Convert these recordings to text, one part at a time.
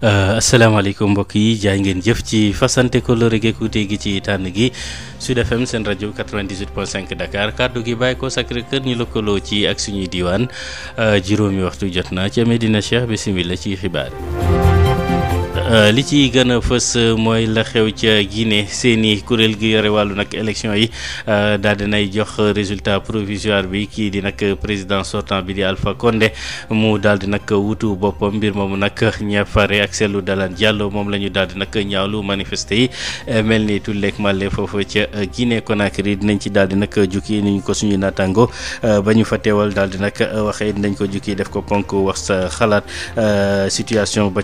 Euh, asalaamaaleykum mbokk yi jaay ngeen jëf ci fasante ko lore gi ci tànn gi Sud FM seen rajo 98.5 Dakar kàddu gi bàyyi ko Sacré kër ñu lëkkaloo ci ak suñuy diwaan euh, juróomi waxtu jot na ca Medina Cheikh bisimilah ci xibaar. Euh, li ci gën fës euh, mooy la xew ca Guinée seeni kuréel gi yore wàllu nag élection yi euh, daal nay jox résultat provisoire bi kii di nag président sortant bi di Alpha Condé mu daal di nag wutu boppam mbir moomu nag ña fare ak selu dalan Diallo moom la ñu daal di nag ñaawlu manifester yi e, mel ni tulleeg màlle foofu ca Guinée Conakry dinañ ci daal di nag jukki ni ñu ko suñu naataango e, ba ñu fa teewal daal di nag waxee dinañ ko jukki def ko ponk wax sa xalaat e, situation ba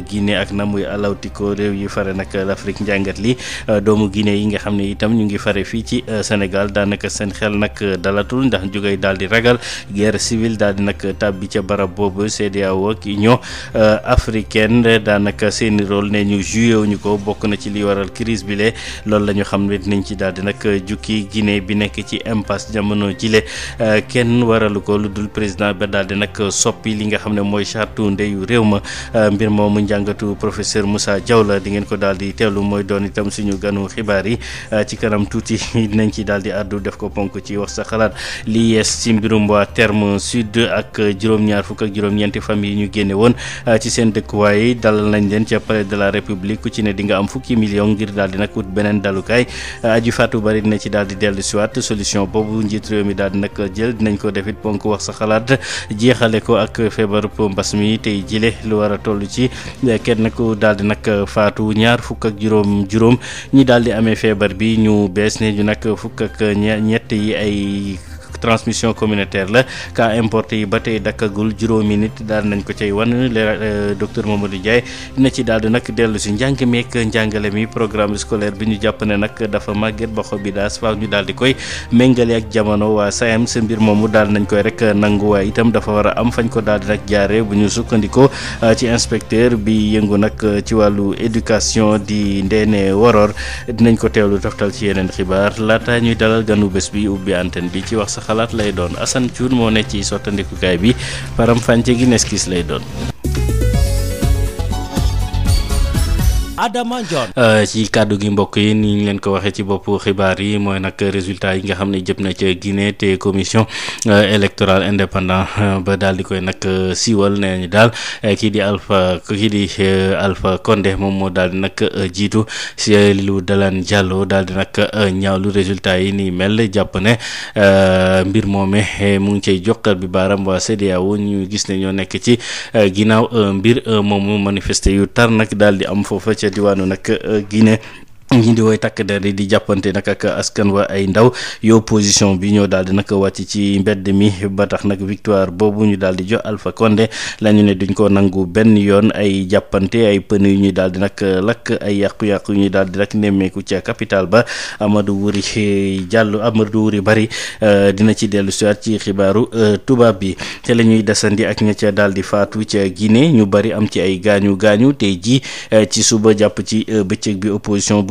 Guinée ak na muy alawtikoo réew yi fare nag l'Afrique njàngat li euh, doomu Guinée yi nga xam ne itam ñu ngi fare fii ci euh, Sénégal daanaka seen xel nag dalatul ndax jógee daal di ragal guerre civile daal di nag tàbbi ca barab boobu CEDEAO ak Union euh, africaine daanaka seeni rôle ne ñu joué wuñu ko bokk na ci li waral crise bi lee loolu la ñu xam ne dinañ ci daal di nag jukki Guinée bi nekk ci impasse jamono jile kenn waralu ko lu dul président ba daal di nag soppi li nga xam ne mooy charte ndeyu réew ma njàngatu professeur Moussa Diaw la di ngeen ko daal di teelu mooy doon itam suñu ganu xibaar yi ah, ci kanam tuuti dinañ ci daal di àddu def ko ponk ci wax sa xalaat li yees ci mbirum terme sud ak juróom-ñaar fukk ak juróom-ñeenti famille yi ñu génne woon ah, ci seen dëkkuwaay dalal nañ leen ca palais de la république ku ci ne dinga nga am fukki million ngir daal di nag wut beneen dalukaay ah, aju fàttu bari dina ci daal di dellu siwaat solution boobu njiit réew mi daal di nag jël dinañ ko defit ponk wax sa xalaat jeexale ko ak feebar mbas mi tey jile lu war a toll ci kenn ku daal di nag uh, faatu ñaar fukk ak juróom-juróom ñi daal di amee feebar bi ñu bees ne ñu nag fukk ak ñett yi ay. nag transmission communautaire la cas importé yi ba tey dakkagul juróomi nit daal nañ ko cay wan le euh, docteur Mamadou Ndiaye dina ci daal di nag dellu si njàng meek njàngale mi programme scolaire bi ñu jàpp ne nag dafa màgget ba xob bi daas faaw ñu daal di koy méngale ak jamono waa sayam sa mbir moomu daal nañ koy rek nangu waaye itam dafa war a am fañ ko daal di nag jaare bu ñu sukkandikoo euh, ci inspecteur bi yëngu nag euh, ci wàllu éducation di Ndéné Waror dinañ ko teewlu toftal ci yeneen xibaar laata ñuy dalal ganu bés bi ubbi antenne bi ci wax sax xalaat lay doon Assane Diouf moo ne ci sottandikukaay bi faram fànce gi neskis lay doon. Adama Ndione. Euh, ci kàddu gi mbokk yi ni ñu leen ko waxee ci bopp xibaar yi mooy nag résultat yi nga xam ne jëm na ca Guinée te commission euh, électoral indépendant euh, ba daal di koy nag siiwal nee nañu daal kii di alfa kii di Alpha Condé moom moo daal di nag jiitu Cellou Dalein Diallo daal di nag ñaawlu résultat yi nii mel jàpp ne mbir moome mu ngi cay jokkal bi baaram waa CEDEAO ñu gis ne ñoo nekk ci ginnaaw mbir moomu manifester yu tar nag daal di am foofa ca ca diwaanu nag Guinée ñi di woy takk der yi di jàppante nag ak askan wa ay ndaw yu opposition bi ñoo daal di nag wàcc ci mbedd mi ba tax nag victoire boobu ñu daal di jox Alpha Condé la ñu ne duñ ko nangu benn yoon ay jàppante ay pën yu ñuy daal di nag lakk ay yàqu-yàqu yu ñuy daal di rek nemmeeku ca capital ba Amadou Wuri Diallo Amadou Wuri Bari euh, dina ci dellu siwaat ci xibaaru euh, tubaab bi te lañuy desandi ak ña ca daal di faatu ca Guinée ñu bari am ci ay gaañu gaañu te ji euh, ci suba jàpp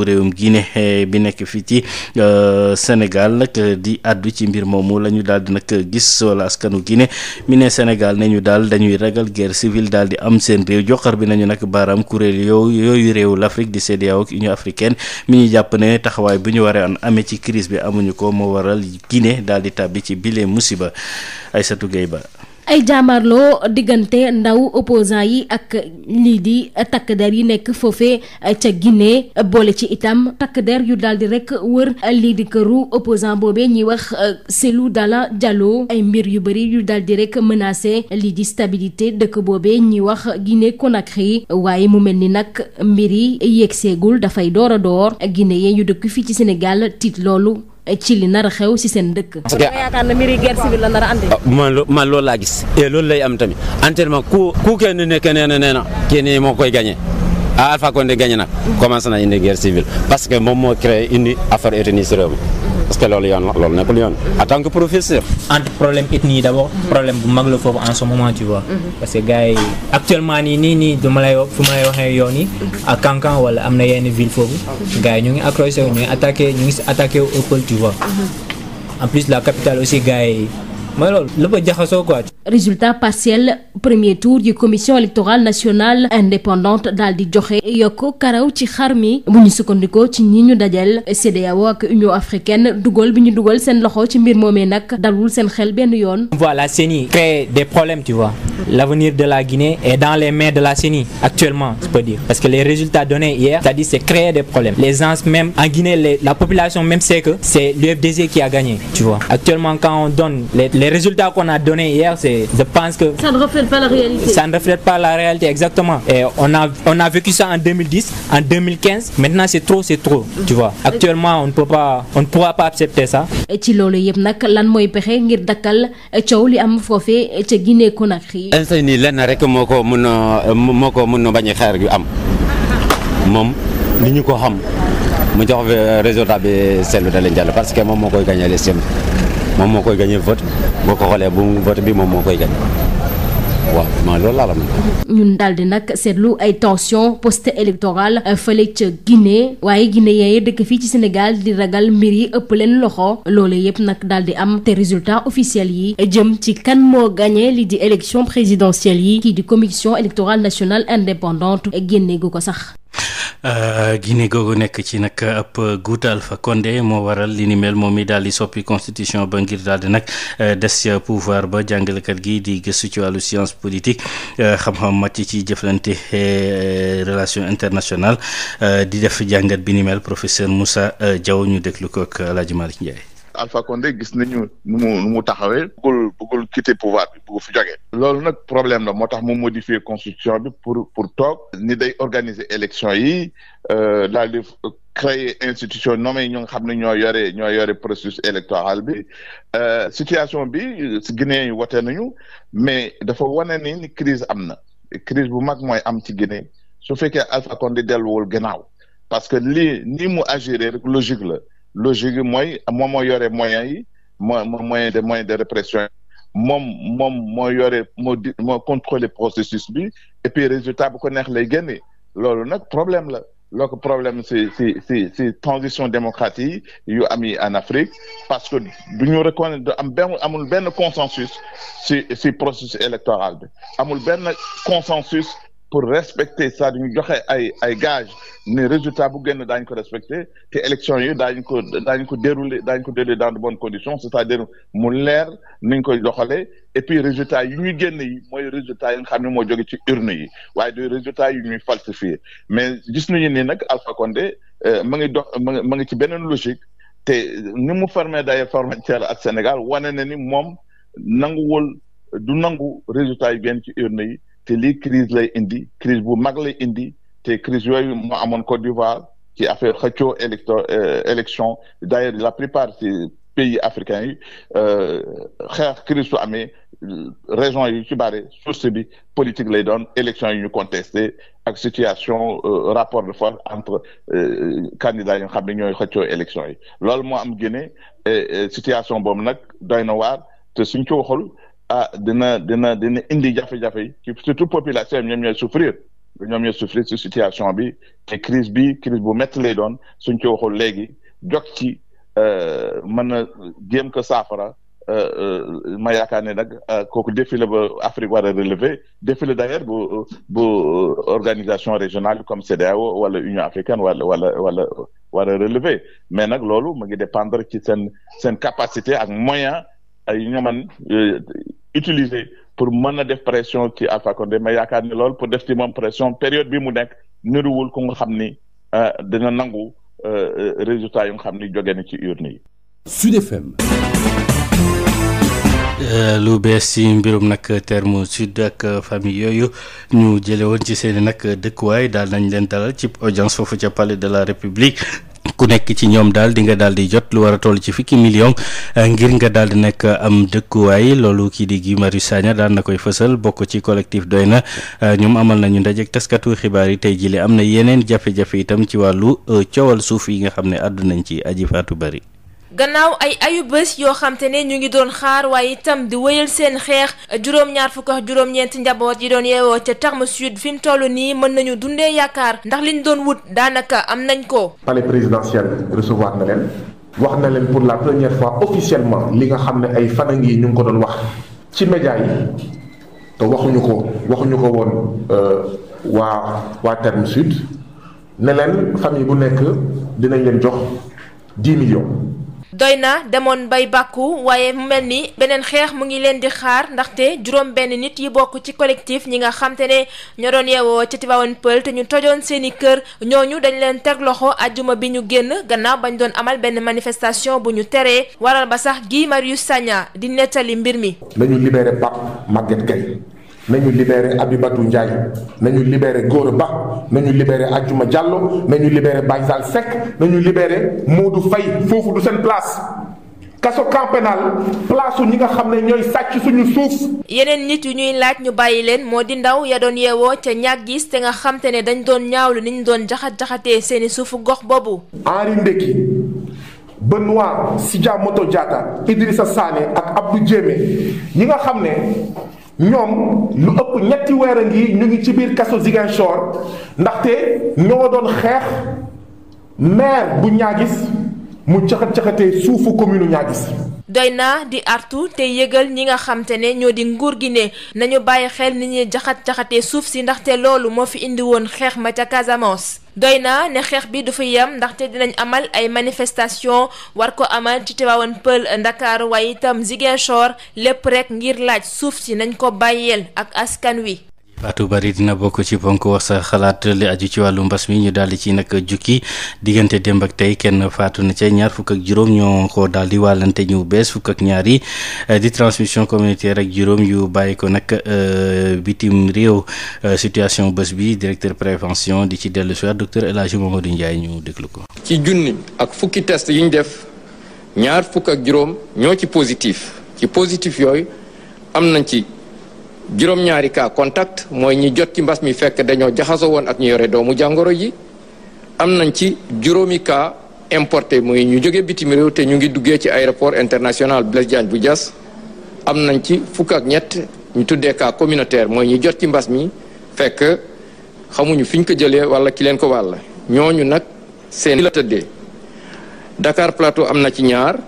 réewum Guinée bi nekk fii ci euh, Sénégal nag di àddu ci mbir moomu la ñu daal di nag gis wala askanu Guinée mi ne Sénégal ne ñu daal dañuy ragal guerre civile daal di am seen réew joxar bi nañu nag baaraam kuréel yooyu yooyu réewu l'Afrique di CEDEAO ak Union africaine mi ñuy jàpp ne taxawaay bu ñu waree an amee ci crise bi amuñu ko moo waral Guinée daal di tàbbi ci bile musiba Aïssatou Gueye Ba ay jaamarloo diggante ndaw opposant yi ak lii di takk der yi nekk foofee eh, ca Guinée boole ci itam takk der yu daal di rek wër eh, lii di këru opposant boobe ñuy wax eh, Cellou dala Diallo ay mbir yu bari yu daal di rek menacé lii di stabilité dëkk boobee ñuy wax Guinée Conakry waaye mu mel ni nag mbir yi yegseegul dafay door a door Guinée yee ñu dëkk fii ci Sénégal tiit loolu ci li nar a xew si seen dëkk. parce que yaakaar na mbiri guerre civile la nar a andi. Ah, man man loolu laa gis. et loolu lay am tamit entièrement ku ku kenn ne nee na nee na kenn moo koy gañe ah Alpha Condé gagné na. Mm-hmm. commencé na indi guerre civile parce que moom moo créé indi affaire ethnie si réew parce que loolu yoon la loolu nekkul yoon en tant que professeur. entre problème ethnie d'abord. problème bu mag la foofu en ce moment tu vois. Mhm. parce que gars actuellement nii nii nii ma lay fu ma lay waxee yoon yi. Mhm. ak Kankan wala am na yenn ville foofu. gars yi ñu ngi accroché ñu ngi attaqué ñu ngi si attaqué au pôle tu vois. Mhm. en plus la capitale aussi gars yi mooy loolu lépp a jaxasoo quoi. résultat partiel premier tour yi commission électorale nationale indépendante daal di joxe yokk karaw ci xar mi bu ñu sukkandikoo ci ñi ñu dajal CEDEAO ak Union africaine dugal bi ñu dugal seen loxo ci mbir moomee nag dalul seen xel benn yoon. voilà la CENI crée des problèmes tu vois l'avenir de la Guinée est dans les mains de la CENI actuellement je peux dire parce que les résultats donnés hier c'est-à-dire c'est créer des problèmes les gens même en Guinée les, la population même sait que c'est l'UFDG qui a je pense que... Ça ne par la réalité. exactement. Et on a, on a vécu ça en 2010, en 2015. Maintenant, c'est trop, c'est trop, tu Actuellement, on ne peut pas, on ne pourra pas accepter ça. ci loolu yëpp nag lan mooy pexe ngir dakkal coow li am foofee ca Guinée Conakry. instant nii lenn rek moo ko mën a moo ko mën a bañ a xaar yu am moom li ñu ko xam mu jox euh, résultat bi seetlu da leen jàll parce que moom moo koy gagné les moom moo koy gagné vote boo ko xoolee bu vote bi moom moo koy gagné waaw man loolu laa la mën ñun daal di nag seetlu ay tension post électorale euh, fële ca Guinée waaye guinéen yi dëkk fii ci Sénégal di ragal mbir yi ëpp leen loxo loolu yëpp nag daal di am te résultat officiel yi jëm ci kan moo gagné li di élection présidentielle yi kii di commission électorale nationale indépendante génne gu ko sax euh, Guinée googu nekk ci nag ab guutal fa konde moo waral li ni mel moom mi daal di soppi constitution ba ngir daal nag euh, des pouvoir ba jàngalekat gi di gëstu ci wàllu science politique euh, xam-xam màcc ci jëflante euh, relation internationale euh, di def jàngat bi ni mel professeur Moussa Diaw ñu déglu ko ak El Hadj Malick Ndiaye Alpha Condé gis nañu nu mu nu mu taxawee bëggul bëggul quitter pouvoir bi bëggu fi jógee loolu nag problème la moo tax mu modifier constitution bi pour pour toog ni day organiser élection yi euh, daal di créer institution nommé ñu nga xam ne ñoo yore ñoo yore processus électoral bi euh, situation bi Guinée yi wote nañu mais dafa wane ni crise am na crise bu mag mooy am ci Guinée su fekkee Alpha Condé delluwul gannaaw parce que li nii mu agiré rek logique la logique yi mooy moom moo yore moyens yi moo moyen de moyen de répression moom moom moo yore moo di moo contrôler processus bi et résultat bu ko neex lay génne loolu nag problème la loo problème si si si si transition démocratique yu am yi en Afrique parce que du ñu reconnaître am benn amul benn consensus si si processus électoral bi amul benn consensus pour respecter ça dañu joxe ay ay gage ne résultat bu génn daañu ko respecter te élection yi daañu ko daañu ko dérouler daañu ko dérouler dans de bonnes condition c'est-à-dire mu leer ni ñu koy doxalee et puis résultat yi ñuy génn yi mooy résultat yi nga xam ne moo jóge ci urne yi waaye du résultat yi ñuy falsifier mais gis nañu ni nag Alpha Condé euh, ma ngi dox ma ngi ma ngi ci beneen logique te ni mu day d'ailleurs frontière ak Sénégal wane ne ni moom nanguwul du nangu résultat yi génn ci urne yi te lii crise lay indi crise bu mag lay indi te crise yooyu moo amoon Côte d'Ivoire ci affaire xëccoo électo euh, élection d'ailleurs la plupart ci pays africains yi euh, xeex crise su amee raison yi ci bare source bi politique lay doon élection yi ñu contesté ak situation euh, rapport de force entre candidats yi nga xam ne ñooy xëccoo élection yi loolu moo am Guinée situation boobu nag doy na waar te suñ ko waxul ah dina dina dina indi jafe-jafe yi surtout population bi ñoom ñooy souffrir ñoom ñooy souffrir ci situation bi te crise bi crise bu métti lay doon suñ ci waxul léegi jog ci euh, mën a jéem ko saafara euh, euh, ma yaakaar ne nag kooku défi ba Afrique war a relever défi la d'ailleurs bu bu organisation régionale comme o wala Union africaine wala wala wala war a mais nag loolu mu ngi dépendre ci seen seen capacité ak moyen ay ñoman euh, utiliser pour mën a def pression ci Alpha Condé mais yaakaar ni lool pour def ci moom pression période bi mu nekk niruwul ku nga xam ni euh, dina nangu euh, résultat yu nga xam ni jóge na ci urne yi. Sud FM. lu bees ci mbirum nag terme sud ak famille yooyu ñu jële woon ci seeni nag dëkkuwaay daal nañ leen dalal ci audience foofu ca palais de la république ku nekk ci ñoom daal di nga daal di jot lu war a toll ci fukki million eh, ngir nga daldi di nekk am dëkkuwaay loolu kii di Guy Marius Sagna daan na koy fësal bokk ci collectif doy na eh, ñoom amal nañu ndajeek taskatu xibaar yi tey jii li am na yeneen jafe-jafe itam ci wàllu eh, coowal suuf yi nga xam ne àddu nañ ci aji faatu bari gannaaw ay ayubés yoo xam ne ñu ngi doon xaar waaye itam di wéyal seen xeex juróom-ñaar fukk ak juróom-ñeent njaboot yi doon yeewoo ca Terme Sud fi mu toll nii mën nañu dundee yaakaar ndax li liñ doon wut daanaka am nañ ko. palais présidentiel recevoir na leen wax na leen pour la première fois officiellement li nga xam ne ay fan a ngi ñu ngi ko doon wax ci média yi te waxuñu ko waxuñu ko woon euh, waa waa Terme Sud ne leen famille bu nekk dinañ leen jox dix millions. doy na demoon bay bàkku waaye mel ni beneen xeex mu ngi leen di xaar ndaxte juróom benn nit yi bokk ci collectif ñi nga xam te ne ñoo doon yeewoo ci Tivaouane Peulh te ñu tojoon seeni kër ñooñu dañ leen teg loxo ajjuma bi ñu génn gannaaw bañ doon amal benn manifestation bu ñu teree waral ba sax giimar yu Sagna di nettali mbir mi nañu libéré Abibatou Ndiaye nañu libéré Gora Ba nañu libéré Adjuma Diallo nañu libéré Baysal Seck nañu libéré Modou Faye foofu du seen place kaso camp pénal place ñi nga xam ne ñooy sàcc suñu suuf. yeneen nit yu ñuy laaj ñu bàyyi leen moo di ndaw ya doon yeewoo ca ñàkk gis te nga xam ne dañ doon ñaawlu ni ñu doon jaxat jaxatee seeni suufu gox boobu. Henri Ndeki Benoît Sidja Moto Diatta Idrissa Sané ak Abdou Diémé ñi nga xam ne. ñoom lu ëpp ñetti weer a ngi ñu ngi ci biir kaso Ziguinchor ndaxte ñoo doon xeex maire bu ñaa gis mu caxat caxatee suufu commune Niaguis doy naa di artu te yëgal ñi nga xam te ne ñoo di nguur gi ne nañu bàyyi xel ni ñuy jaxat jaxate suuf si ndaxte loolu moo fi indi woon xeex ma ca Casamance doy naa ne xeex bi du fa yem ndaxte dinañ amal ay manifestation war ko amal ci Tivaouane Peulh Ndakaar waaye itam Ziguinchor lépp rek ngir laaj suuf si nañ ko bàyyeel ak askan wi baatu bari dina bokk ci bonk wax sa xalaat li aju ci wàllu mbas mi ñu daal di ci nag jukki diggante démb ak tey kenn faatu na ca ñaar fukk ak juróom ñoo daal di wàllante ñu bees fukk ak ñaar eh, di transmission communautaire ak juróom yu bàyyi ko nag eh, bitim réew eh, situation bés bi directeur prévention di ci dellu soir docteur El Hadji Mamadou Ndiaye ñu déglu ko. ci junni fukki test yi ñu def ñaar fukk ak juróom ci positif ci positif yooyu am nañ ci. juróom-ñaari cas contact mooy ñi jot ci mbas mi fekk dañoo jaxasoo woon ak ñu yore doomu jàngoro ji am nañ ci juróomi cas importé muy ñu jóge bitim réew te ñu ngi duggee ci aéroport international Blaise Diagne bu Diass am nañ ci fukk ak ñett ñu tuddee cas communautaire mooy ñi jot ci mbas mi fekk xamuñu fiñ ko jëlee wala ki leen ko wàll ñooñu nag seen la tëddee Dakar Plateau am na ci ñaar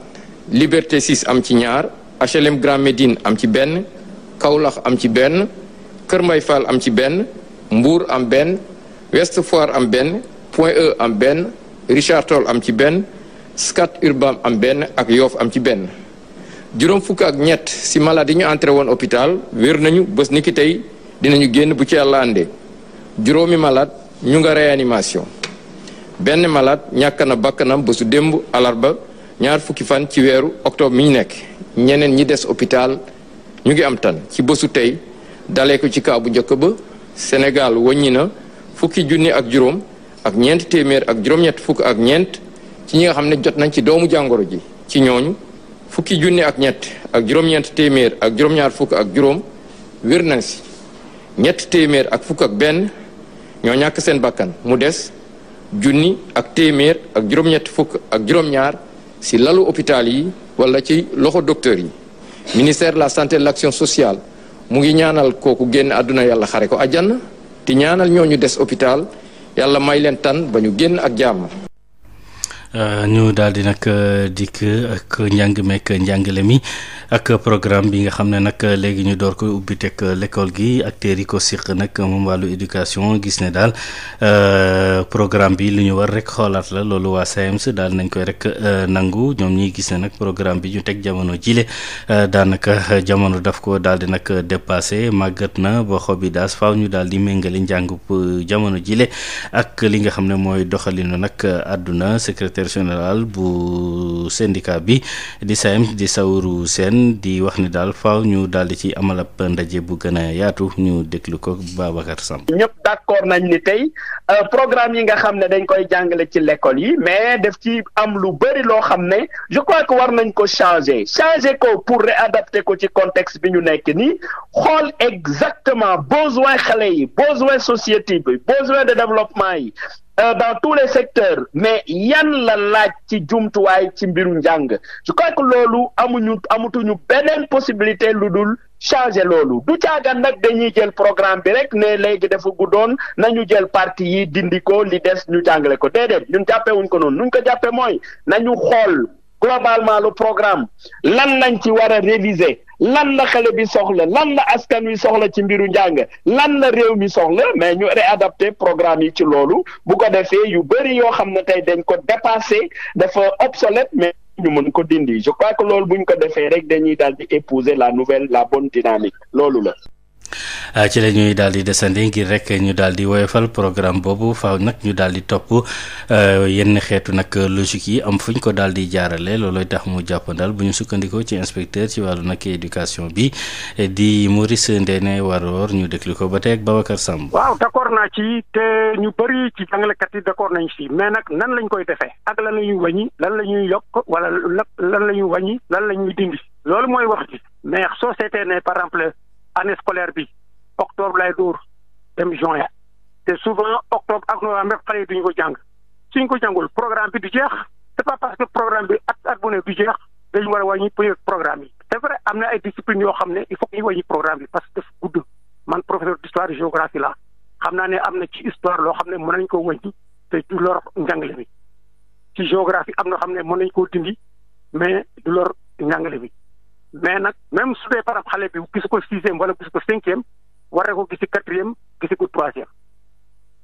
Liberté 6 am ci ñaar HLM Grand Médine am ci benn kawlax am ci benn Kër Mbay Fall am ci benn Mbour am benn Ouest Foire am benn Point E am benn Richard Toll am ci benn Scat Urbam am benn ak Yoff am ci benn juróom fukk ak ñett si maladi yi ñu entré woon hôpital wér nañu bës nikki ki tey dinañu génn bu ci yàlla juróomi malade ñu nga réanimation benn malade ñàkk na bakkanam bésu démb alarba ñaar fukki fan ci weeru octobre mi ñu nekk ñeneen ñi des hôpital ñu ngi am tan ci bësu tey dalee ko ci kaa bu njëkk ba Sénégal wàññi na fukki junni ak juróom ak ñeent ak juróom-ñett fukk ak ñeent ci ñi nga xam ne jot nañ ci doomu jàngoro ji ci ñooñu fukki junni ak ñett ak juróom-ñeent téeméer ak juróom-ñaar fukk ak juróom wér nañ si ñett téeméer ak fukk ak benn ñoo ñàkk seen bakkan mu des junni ak téeméer ak juróom fukk ak juróom-ñaar si lalu hôpital yi wala ci loxo docteur yi ministère de la santé de l'action sociale mu ngi ñaanal kooku génn àdduna yàlla xare ko àjjana te ñaanal ñooñu des hôpital yàlla may leen tan ba ñu génn ak jàmm Euh, ñu daal di nag euh, dikk ak njàng meek njàngale mi ak programme bi nga xam ne nag euh, léegi ñu door koy ubbi teg l'école gi acteurs ko siq nag moom wàllu éducation gis ne daal programme bi lu ñu war rek xoolaat la loolu waa SAEMS e daal nañ koy rek nangu ñoom ñi gis ne nag programme bi ñu teg jamono jile daanaka jamono daf ko daldi di nag dépassé màggat na ba xob yi daas ñu daal di méngale njàngub jamono jile ak li nga xam ne mooy doxalinu nag àdduna secrétaire secrétaire général bu syndicat bi di SAEMS di Saourou Sène di wax ni daal faaw ñu daal di ci amal ab ndaje bu gën yaatu ñu déglu ko Babacar Samb. ñëpp d'accord nañ ni tey euh, programme yi nga xam ne dañ koy jàngale ci l'école yi mais def ci am lu bëri loo xam ne je crois que war nañ ko changé changé ko pour réadapter ko ci contexte bi ñu nekk ni xool exactement besoin xale yi besoin société bi besoin de développement yi Euh, dans tous les secteurs mais yan la laaj ci jumtuwaay ci mbiru njàng je crois que loolu amuñu amatuñu beneen possibilité lu dul changé loolu du caagan nag dañuy jël programme bi rek ne léegi dafa guddoon nañu jël parti yi dindi ko li des ñu jàngale ko déedéet ñun jàppee wuñ ko noonu nuñ ko jàppee mooy nañu xool globalement le programme lan lañ ci war a réviser lan la xale bi soxla lan la askan wi soxla ci mbiru njàng lan la réew mi soxla mais ñu réadapté programme yi ci loolu bu ko defee yu bëri yoo xam ne tey dañ ko dépassé dafa obsolète mais ñu mën ko dindi je crois que loolu buñ ko defee rek dañuy daal di épouser la nouvelle la bonne dynamique loolu la Ah, ci la ñuy daal di desandi ngir rek ñu daal di woyofal programme boobu faaw nag ñu daal di topp ah, yenn xeetu nag logique yi am fuñ ko daal di jaarale loolooy tax mu jàppandal bu ñu sukkandikoo ci inspecteur ci wàllu nag éducation bi di Maurice Ndene Waror ñu déglu ko ba tey ak Babacar Samb. waaw d'accord naa ci te ñu bëri ci jàngalekat yi d'accord nañ ci mais nag nan lañ koy defee ak lan la ñuy wàññi lan la ñuy yokk wala lan la ñuy lan la ñuy dindi loolu mooy année scolaire bi octobre lay dóor dem juin te souvent octobre ak novembre xale yi duñu ko jàng suñ ko jàngul programme bi du jeex c'est pas parce que programme bi at at bu ne du jeex dañu war a wàññi programme yi c'est vrai na ay discipline yoo xam ne il faut que ñu wàññi programme bi parce que dafa gudd man professeur d'histoire géographie la xam naa ne am na ci histoire loo xam ne mën nañ ko wàññi te du lor njàngale bi ci géographie am na xam ne mën nañ koo dindi mais du lor njàngale bi mais nag même su dee par exemple xale bi gisu ko sixième wala gisu ko cinquième war na ko gisi quatrième gisi ko troisième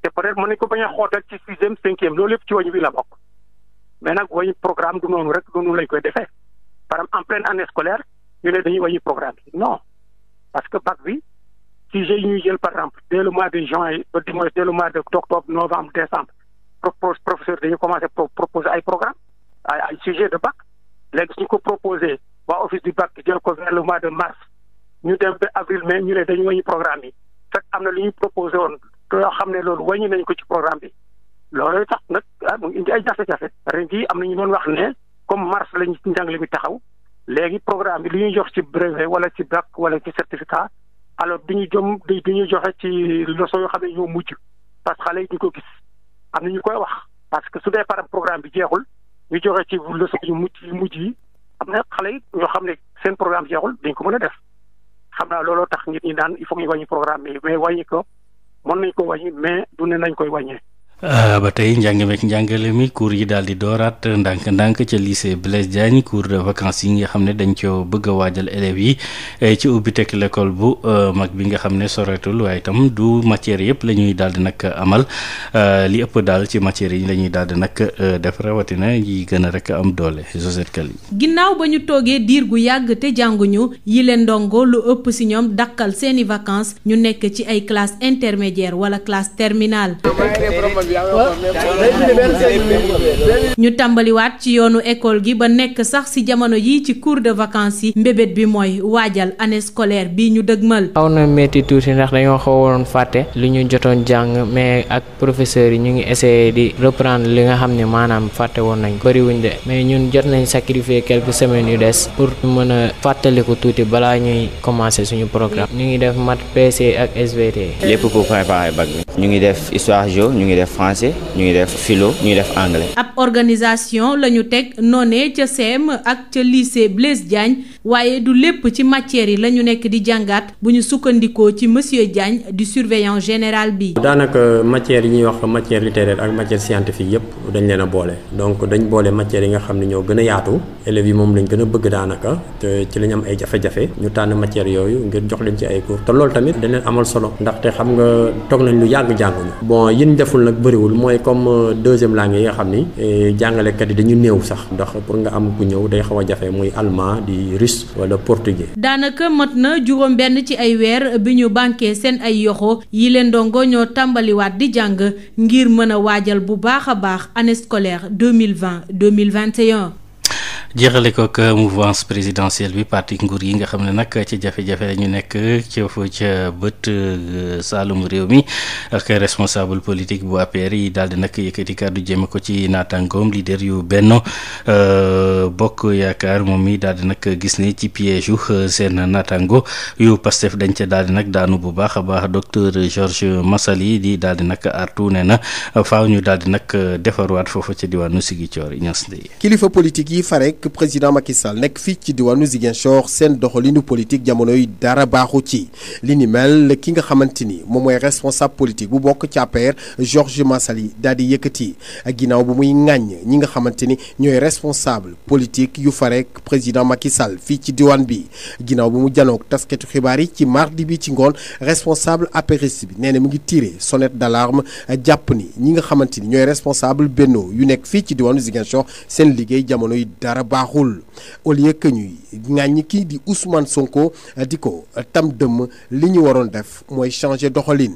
te peut ko bañ a xootal ci sixième cinquième loolu yëpp ci wañu bi la bokk mais nag wañu programme du noonu rek noonu lañ koy defee par exemple en pleine année scolaire ñu ne dañuy wañu programme bi non parce que bac bi sujet yi ñuy jël par exemple dès le mois de juin ba dimanche dès le mois de octobre novembre décembre propose dañu commencé proposer ay programme ay ay sujet de bac léegi suñu ko proposé waa office du bac jël ko vers mois de mars ñu dem ba avril mai ñu ne dañu wàññi programme yi fekk am na lu ñuy proposé woon yoo xam ne loolu wàññi nañ ko ci programme bi loolooy tax nag ah indi ay jafe-jafe ren am na ñu doon wax ne comme mars lañu ci njàngale taxaw léegi programme bi lu ñuy jox ci brevet wala ci bac wala ci certificat alors du ñu jom du ñu joxe ci leçon yoo xam ne ñoo mujj parce que xale ñu ko gis am na ñu koy wax parce que su dee par programme bi jeexul ñu joxe ci leçon yu mujj yu mujj yi am na xale yi ñoo xam ne seen programme jeexul dañ ko mën a def xam naa looloo tax nit ñi daan il faut que ñu wàññi programme bi mais wàññi ko mën nañ ko wàññi mais du ne nañ koy wàññee Ah, ba tey njàng meek njàngale mi cours yi daal di dooraat ndànk-ndànk ca lycée Blaise Diagne cours de vacances yi nga xam ne dañ coo bëgg a waajal élèves yi eh, ci ubbi tekk l'école bu eh, mag bi nga xam ne soreetul waaye tam du matière yëpp la ñuy daal di nag amal ah, li ëpp daal ci matière yi lañuy ñuy daal di nag eh, def rawatina yi gën a rek am doole ginnaaw ba ñu toogee diir gu yàgg te jànguñu yi leen ndongo lu ëpp si ñoom dakkal seeni vacances ñu nekk ci ay classes intermédiaires wala classe terminale. ñu tàmbaliwaat ci yoonu école gi ba nekk sax ci jamono yi ci cours de vacance yi mbébét bi mooy waajal année scolaire bi ñu dëgmal. xaw na métti tuuti ndax dañoo woon fàtte li ñu jotoon jàng mais ak professeurs yi ñu ngi essayé di reprendre li nga xam ne maanaam fàtte woon nañ ko bëriwuñ de mais ñun jot nañ sacrifier quelques semaines yu des pour mën a fàttaliku tuuti balaa ñuy commencer suñu programme ñu ngi def math PC ak SVT. lépp pour préparer bac bi ñu ngi def histoire ñu ngi def français ñu ngi def philo ñu ngi def anglais. ab organisation la ñu teg noonee ca CEM ak ca lycée Blaise Diagne waaye du lépp ci matière yi la ñu nekk di jàngaat bu ñu sukkandikoo ci mosier Diagne du surveillant général bi. daanaka matière yi ñuy wax matière littéraire ak matière scientifique yëpp dañ leen a boole donc dañ boole matière yi nga xam ne ñoo gën a yaatu élèves yi moom lañ gën a bëgg daanaka te ci la ñu ay jafe-jafe ñu tànn matière yooyu ngir jox leen ci ay cours te loolu tamit dañ leen solo ndaxte xam nga toog nañ lu yàgg jànguñu bëriwul mooy comme euh, deuxième langue nga xam ni eh, jàngalekat yi dañu néew sax ndox pour nga am ku ñëw day xaw a jafe muy allemand di russe wala portugais. daanaka mat na juróom benn ci ay weer bi ñu banqué seen ay yoxo yi leen dongo ñoo tàmbaliwaat di jàng ngir mën a waajal bu baax a baax année scolaire deux mille vingt deux mille vingt et un jeexale ko ak mouvance présidentielle bi parti nguur yi nga xam ne nag ci jafe-jafe la ñu nekk ci foofu ca bët euh, saalum réew mi ak responsable politique bu APR yi daal di nag yëkkati kàddu jëme ko ci naataangoom leader yu benn euh, bokk yaakaar moom mi daal di nag gis ni ci piège yu euh, seen naataango yu Pastef dañ ca daal di nag daanu bu baax a baax docteur Georges Massali di daldi di nag artu ne na faw ñu daal di nag defarwaat foofu ca diwaanu Ziguinchor Niass Ndeye kilifa politique nekk président Macky Sall nekk fii ci diwaanu Ziguinchor seen doxalinu politique jamono yi dara baaxu ci li ni mel ki nga xamante ni moom mooy responsable politique bu bokk ci APR Georges Massali daal di yëkkati ak ginnaaw bu muy ŋàññ ñi nga xamante ni ñooy responsable politique yu farek président Macky Sall fii ci diwaan bi ginnaaw bu mu janook taskatu xibaar yi ci mardi bi ci ngoon responsable apériste bi nee na mu ngi tiire sonnette d'alarme jàpp ni ñi nga xamante ni ñooy responsable Benno yu nekk fii ci diwaanu Ziguinchor seen liggéey jamono yi dara baaxul au lieu que ñuy ŋàññi kii di Ousmane Sonko euh, di ko euh, tam dëmm li ñu waroon def mooy changer doxalin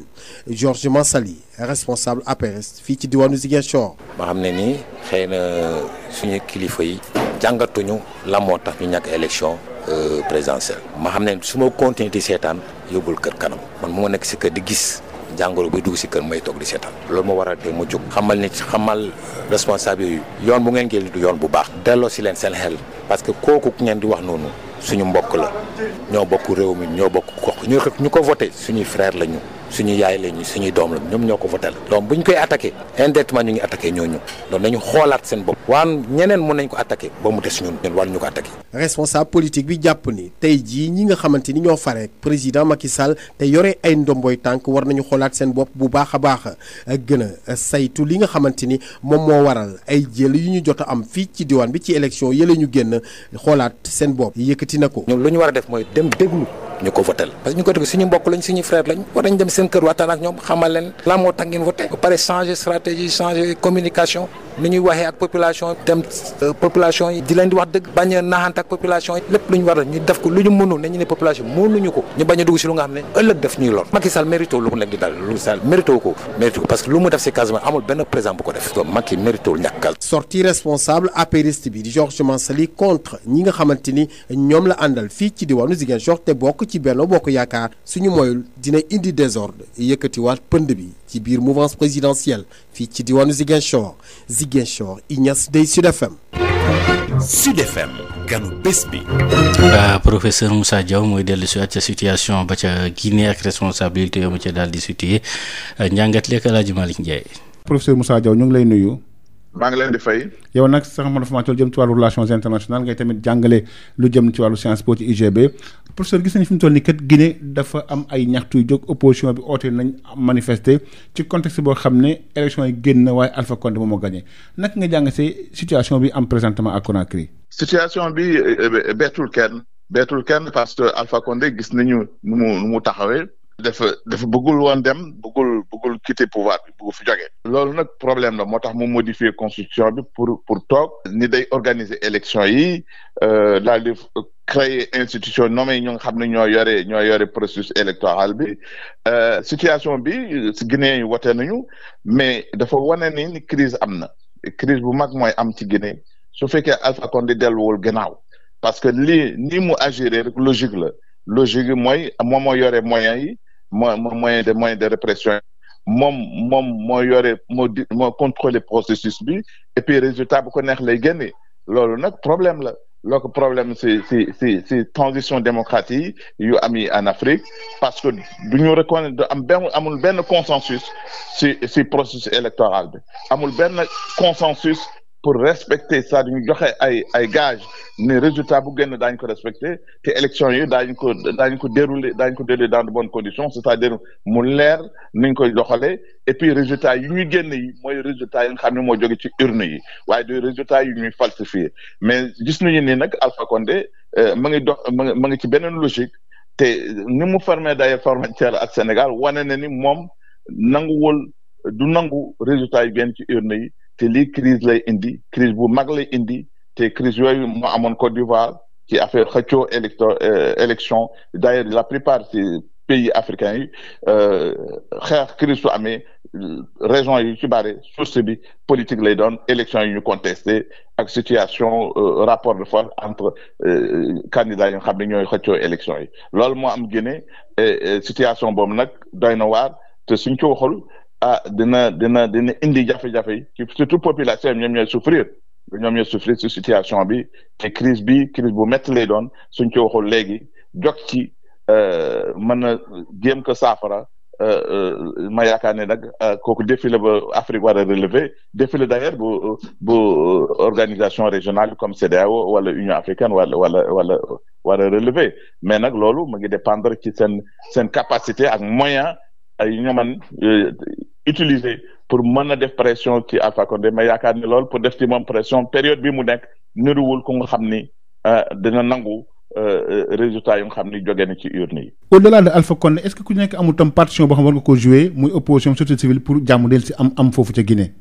Georges Mansali responsable APRS fii ci diwaanu Ziguinchor. maa xam ne nii xëy na euh, suñu kilifa yi. jàngatuñu la moo tax ñu ñàkk élection présidentielle. maa xam ne su ma continuer di seetaan yóbbul kër kanam man mu ma nekk si kër di gis. jàngoro buy dugg si kër may toog di seetaan loolu moo waral tey mu jóg xamal ni xamal responsable yi yoon bu ngeen jël du yoon bu baax delloo si leen seen xel parce que kooku ngeen di wax noonu suñu mbokk la ñoo bokk réew mi ñoo bokk ko ñu ko voté suñuy frère la ñu suñu yaay lañu suñuy doom la ñoom ñoo ko votel donc bu ñu koy attaqué indirectement ñu ngi attaqué ñooñu donc nañu xoolaat seen bopp waan ñeneen mën nañ ko attaqué ba mu des ñun ñun war ñu ko attaqué. responsable politique bi jàpp ni tey jii ñi nga xamante ni ñoo fare président Macky Sall yore ay ndomboy tànk war nañu xoolaat seen bopp bu baax a baax gën a saytu li nga xamante ni moom moo waral ay jël yu ñu jot am fii ci diwaan bi ci élection yële ñu génn xoolaat seen bopp yëkkati na ko. ñun lu ñu war a def mooy dem déglu. ñu ko votel parce que ñu ko dëgg suñu mbokk lañ suñu frère lañ war nañ dem seen kër waxtaan ak ñoom xamal leen moo tax ngeen voté ba pare changer stratégie changer communication ni ñuy waxee ak population dem euh, population yi di leen di wax dëgg bañ a naxante ak population yi lépp lu ñu war a ñu def ko lu ñu mënul nañu ne population mënuñu ko ñu bañ a dugg si lu nga xam ne ëllëg def ñuy lor Macky Sall mérite lu ko nekk di dal ci Benno Bokk Yaakaar suñu moyul dina indi désordre yëkkatiwaat pënd bi ci biir mouvance présidentielle fii ci diwaanu Ziguinchor Ziguinchor Ignace Dey Sud FM Sud FM ganu bés bi. professeur Moussa Diaw mooy dellu si waat ca situation ba ca Guinée ak responsabilité mu ca daal di situé njàngat lekk El Hadj Malick Ndiaye. professeur Moussa ngi lay nuyu. maa ngi leen di fay. yow nag sax man dafa maa toll jëm ci wàllu relations internationales ngay tamit jàngale lu jëm ci wàllu science po ci UGB professeur gis nañ fi mu toll nii kat Guinée dafa am ay ñaxtu yu jóg opposition bi oote nañ manifester ci contexte boo xam ne élection yi génn waaye Alpha Condé moom moo gagné naka nga jàng see situation bi am présentement à Conakry. situation bi eh, eh, beetul kenn beetul kenn parce que Alpha Condé gis nañu nu mu nu mu taxawee. dafa dafa bëggul woon dem bëggul bëggul quitter pouvoir bi bëggu fi jógee loolu nag problème la moo tax mu modifier constitution bi pour pour toog ni day organiser élection yi euh, daal di créer institution nommé ñu nga xam ne ñoo yore ñoo yore processus électoral bi euh, situation bi si Guinée yi wote nañu mais dafa wane ni ni crise am na crise bu mag mooy am ci Guinée su fekkee Alpha Condé delluwul gannaaw parce que lii nii mu agiré rek logique la logique bi mooy moom moo yore moyens yi mo moyen de moyen de répression moom moom moo yore moo di moo contrôler processus bi et puis résultat bu ko neex lay génne loolu nag problème la loolu problème si si si si transition démocratique yu am yi en Afrique parce que du ñu reconnaître am benn amul benn consensus si si processus électoral bi amul benn consensus pour respecter ça dañu joxe ay ay gage ne résultat bu génn daañu ko respecter te élection yi daañu ko daañu ko dérouler daañu ko dérouler dans de bonnes conditions c'est-à-dire mu leer ni ñu koy doxalee et puis résultat yi ñuy génn yi mooy résultat yi nga xam ne moo jóge ci urne yi waaye du résultat yi ñuy falsifier mais gis nañu nii nag Alpha Condé euh, ma ngi dox ma ngi ma ngi ci beneen logique te nu mu fermé d'ailleurs frontière ak Sénégal wane ne ni moom nanguwul du nangu résultat yi génn ci urne yi te lii crise lay indi crise bu mag lay indi te crise yooyu moo amoon Côte d'Ivoire ci affaire xëccoo électo euh, élection d'ailleurs la plupart ci pays africains yi euh, xeex crise su amee raison yi ci bare source bi politique lay doon élection yi ñu contesté ak situation euh, rapport de force entre candidats yi nga xam ne ñooy xëccoo élection yi loolu moo am Guinée situation boobu nag doy na waar te suñ ko waxul ah dina dina dina indi jafe-jafe yi ci surtout population yi ñoom ñooy souffrir ñoom ñooy souffrir ci situation bi te crise bi crise bu métti lay doon suñ ci waxul léegi jog ci euh, mën a jéem ko saafara euh, euh, ma yaakaar ne nag kooku défi la ba Afrique war a relever défi la d'ailleurs bu bu organisation régionale comme CEDEAO wala Union africaine wala wala wala war a relever mais nag loolu mu ngi dépendre ci seen seen capacité ak moyen ay ñoman euh, utiliser pour mën a def pression ci Alpha Condé mais yaakaar ni lool pour def ci moom pression période bi mu nekk niruwul ku nga xam ni euh, dina nangu euh, résultat yu nga xam ni jóge na ci urne yi. au delà Alpha Condé est ce que ku nekk amul partition boo xam war ko jouer muy opposition société civile pour jàmm del si am am foofu ca Guinée.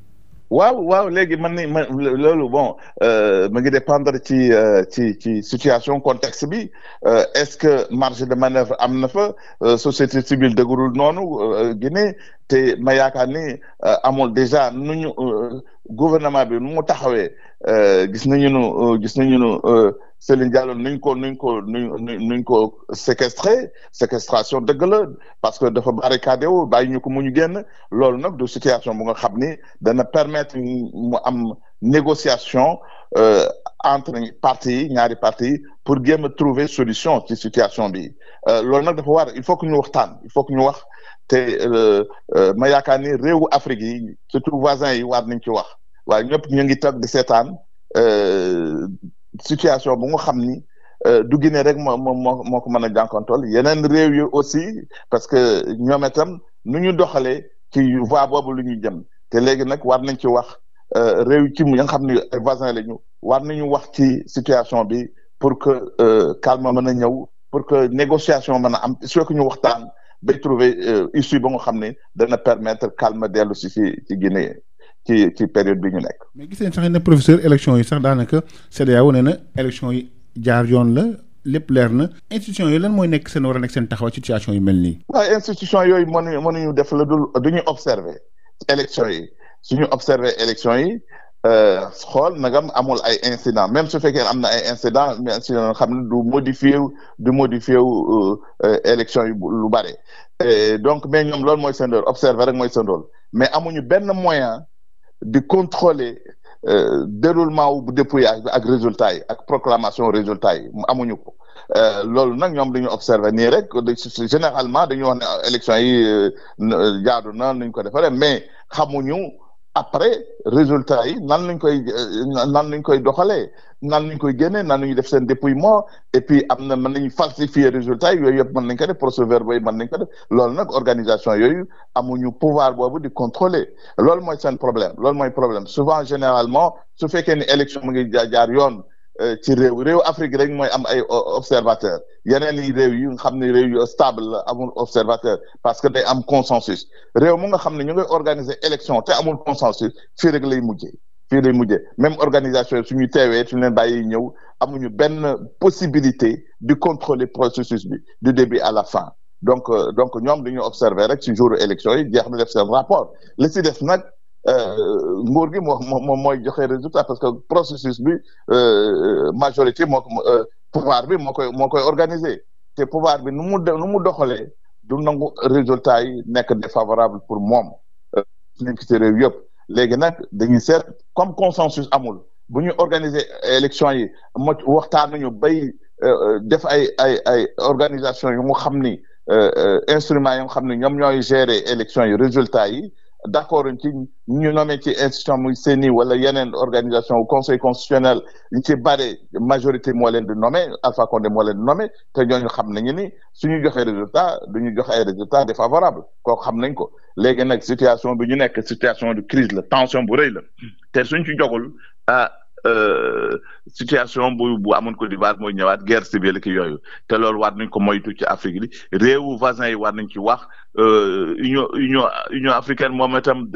waaw waaw léegi man ni man loolu bon euh, ma ngi dépendre ci euh, ci ci situation contexte bi euh, est-ce que marge de manœuvre am na fa société de dëgërul noonu Guinée te ma yaakaar ni amul déjà nu ñu gouvernement bi nu mu taxawee Euh, gis nañu nu euh, gis nañu nu Céline euh, Diallo nuñ ko nuñ ko nuñ nuñ ko séquestré séquestration dëgg la parce que dafa barricadé wu bàyyi ñu ko mu ñu génn loolu nag du situation bu nga xam ni dana permettre mu am négociation entre parti ñaari parti pour jéem a trouver solution ci situation bi loolu nag dafa war il faut que ñu waxtaan il faut que ñu wax te ma yaakaar ni réewu Afrique yi surtout voisins yi war nañ ci wax. waaye ñëpp ñu ngi toog di seetaan euh, situation bu nga xam ni euh, du Guinée rek moo moo moo ko mën a jànkontol yeneen réew yi aussi parce que ñoom itam nu ñu doxalee ci voie boobu lu ñu jëm te léegi nag war nañ ci wax euh, réew ci mu nga xam ne ay la ñu war nañu wax ci situation bi pour que calme mën a ñëw pour que négociation mën a am soo ko ñu waxtaan bay trouver issue ba nga xam ne dana permettre calme dellu si ci ci ci ci période bi ñu nekk. mais gis nañ sax ne professeur élection yi sax daanaka CEDEAO wane na élection yi jaar yoon la lépp leer na. institution yooyu lan mooy nekk seen war a nekk seen taxaw ci situation yu mel nii. waaw institution yooyu mënuñu mënuñu def la dul du ñu observer élection yi suñu observer élection yi. Euh, xool nagam amul ay incident même su fekkee am na ay incident mais xam ne du modifié du modifié wu euh, élection yi lu bare donc mais ñoom loolu mooy seen rôle observer rek mooy seen rôle mais amuñu benn moyen di contrôler euh, déroulement wu dépouillage bi ak résultat yi ak proclamation résultat yi amuñu ko euh, loolu nag ñoom dañu observer nii rek généralement dañu wax ne élection yi euh, jaadu na nuñ ko defaree mais xamuñu après résultat yi nan lañ koy euh, nan lañ koy doxalee nan lañ koy génnee nan ñu def seen dépouillement et puis am na mën nañu falsifier résultat yi yooyu yëpp mën nañ ko def procès-verbaux yi mën nañ ko def loolu nag organisation yooyu amuñu pouvoir boobu di contrôler loolu mooy seen problème loolu mooy problème souvent généralement su fekkee ni élection mu ngi jaar yoon Euh, ci réew réew Afrique rek mooy am ay euh, observateur yeneen yi réew yi nga xam ne réew yu stable la amul observateur parce que day am consensus réew mu nga xam ne ñu ngay organiser élection te amul consensus fii rek lay mujjee fii lay mujjee même organisation su suñu teewee suñu leen bàyyi ñëw amuñu benn possibilité di contrôler processus bi du début à la fin donc euh, donc ñoom dañu observer rek ci jour élection yi jeex na def seen rapport li ci des nag Euh, nguur gi moo moo mooy joxe résultat parce que processus bi euh, majorité moo euh, pouvoir bi moo koy moo koy organiser te pouvoir bi nu mu nu mu doxalee du nangu résultat yi nekk défavorable pour moom suñu gisee réew yëpp léegi nag dañuy seet comme consensus amul bu ñu organiser élection yi mo ñu bay def ay ay ay organisation yu mu xam ni instruments yu nga xam ni ñoom ñooy gérer élection yi résultat yi d' accord ci ñu nommé ci institution muy CENI wala yeneen organisation ou conseil constitutionnel ñu ci bare majorité moo leen di nommé Alpha Condé moo leen di nommé te ñooñu xam nañu ni suñu joxee résultat duñu joxe ay résultat défavorable kooku xam nañ ko léegi nag situation bi ñu nekk situation de crise la tension bu rey la te suñ ci jogul ah euh, situation bu bu amoon Côte d'Ivoire mooy ñëwaat guerre civile ki yooyu te loolu war nañ ko moytu ci Afrique bi réewu voisin yi war nañ ci wax Euh, union union union africaine moom itam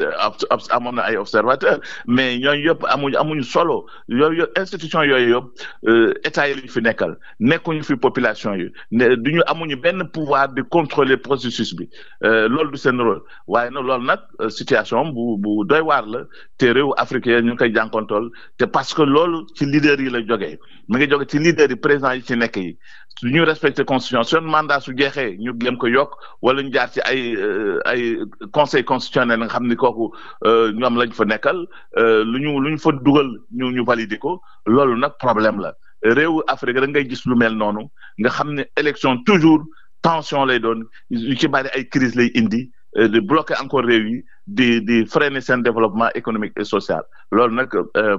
amoon na ay observateur mais ñooñu yëpp amuñu amuñu solo yooyu institution yooyu yëpp euh, état yi lañu fi nekkal nekkuñu fi population yi ne duñu amuñu benn pouvoir de contrôler processus bi euh, loolu du seen rôle waaye nag loolu nag situation bu bu doy waar la te réew africain ñu ngi koy jànkontool te parce que loolu ci leader yi la jógee mi ngi jóge ci leader yi président yi ci nekk yi su ñu respecté constitution seen mandat su jeexee ñu gëm ko yokk wala ñu jaar ci ay euh, ay conseil constitutionnel nga xam ni kooku euh, ñoom lañ fa nekkal euh, lu ñu lu ñu fa dugal ñu ñu valider ko loolu nag problème la réewu Afrique da ngay gis lu mel noonu nga xam ne élection toujours tension lay doon yu ci bari ay crise lay indi de bloquer encore réew yi di di freiner seen développement économique et social loolu nag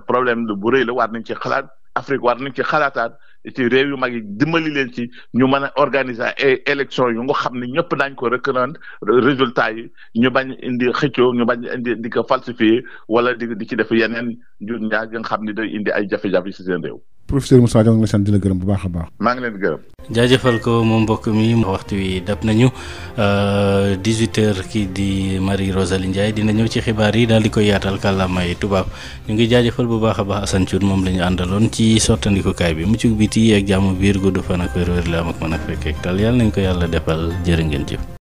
problème bu rëy la na ñu ci xalaat Afrique war nañ ci xalaataat ci réew yu mag yi dimbali leen ci ñu mën a organiser ay yu nga xam ne ñëpp daañ ko reconnaître résultat yi ñu bañ indi xëccoo ñu bañ indi di ko falsifier wala di di ci def yeneen jur ñaar nga xam ne day indi ay jafe-jafe seen réew professeur Moussa Diagne ngi la sant gërëm bu baax a baax. maa ngi leen di gërëm. jaajafal ko moom mbokk mi waxtu yi dab nañu 18h euh, kii di Marie Rosalie Ndiaye dina ñëw ci xibaar yi daal di koy yaatal kàllaamay tubaab ñu ngi jaajëfal bu baax a baax Assane Thioune moom lañu ñu àndaloon ci sottandikukaay bi mucc biti ak jàmm biir gudd fan ak wér-wér la am ak mën a fekk ak tal yàlla nañ ko yàlla defal jërë ngeen jëf.